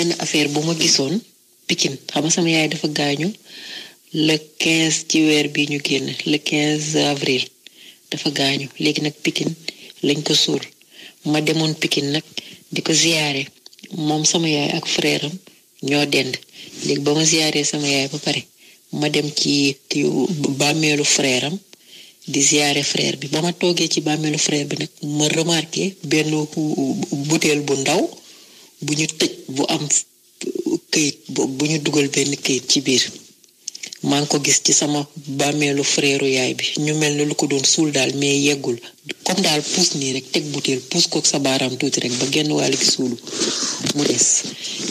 benn affaire bu ma gisoon Pikine xam nga sama yaay dafa gaañu le ci weer bi ñu génn le avril dafa gaañu léegi nag Pikine lañ ko suul ma demoon Pikine nag di ko ziyaare moom sama yaay ak frère ñoo dend léegi ba ma ziyaaree sama yaay ba pare ma dem ci bàmmeelu frère di ziyaare frère bi ba ma toogee ci bàmmeelu frère bi nag ma remarqué benn butéel bu ndaw bu ñu tëj bu am këyit bu ñu dugal benn këyit ci biir maa ngi ko gis ci sama bàmmeelu frère yaay bi ñu mel ne lu ko doon suul daal mais yeggul comme daal puus nii rek teg butéel puus kook sa baaraam tuuti rek ba genn wàll gi suulu mu des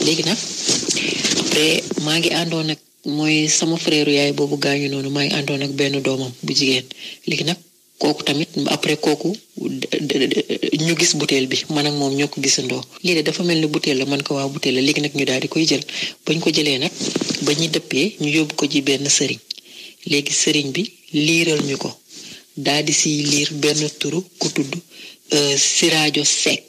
léegi nag après maa ngi àndoon ak mooy sama frère yaay boobu gaañu noonu maa ngi àndoon ak benn doomam bu jigéen léegi nag kooku tamit après kooku ñu gis butéel bi man ak moom ñoo ko gisandoo. lii de dafa mel ni butéel la man ko waa butéel la léegi nag ñu daal di koy jël bañ ko jëlee nag ba ñu dëppee ñu yóbbu ko ji benn sëriñ léegi sëriñ bi liiral ñu ko daal di siy liir benn turu ku tudd euh, Siraajo Seck.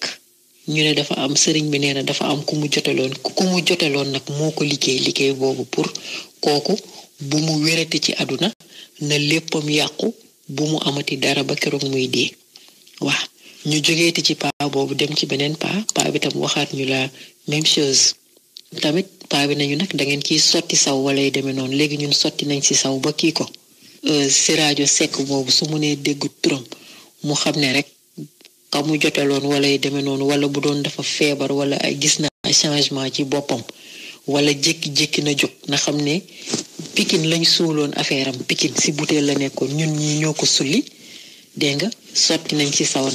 ñu ne dafa am sëriñ bi nee na dafa am ku mu jotaloon ku mu jotaloon nag moo ko liggéey liggéey boobu pour kooku bu mu wérati ci àdduna na léppam yàqu bu mu amati dara ba keroog muy dee waaw ñu jógeeti ci paa boobu dem ci beneen paa paa bi tam waxaat ñu la même chose tamit paa bi nañu nag da ngeen ciy sotti saw wala yi demee noonu léegi ñun sotti nañ ci saw ba kii ko euh, siraajo sekk boobu su mu nee déggu turam mu xam ne rek ka mu joteloon wala yi demee noonu wala bu doon dafa feebar wala ay gis na changement ci boppam wala jékki-jékki na jóg na xam ne pikin lañ suuloon affaire am pikin si butéel la nekkoon ñun ñi ñoo ko sulli dégg nga sotti nañ ci saw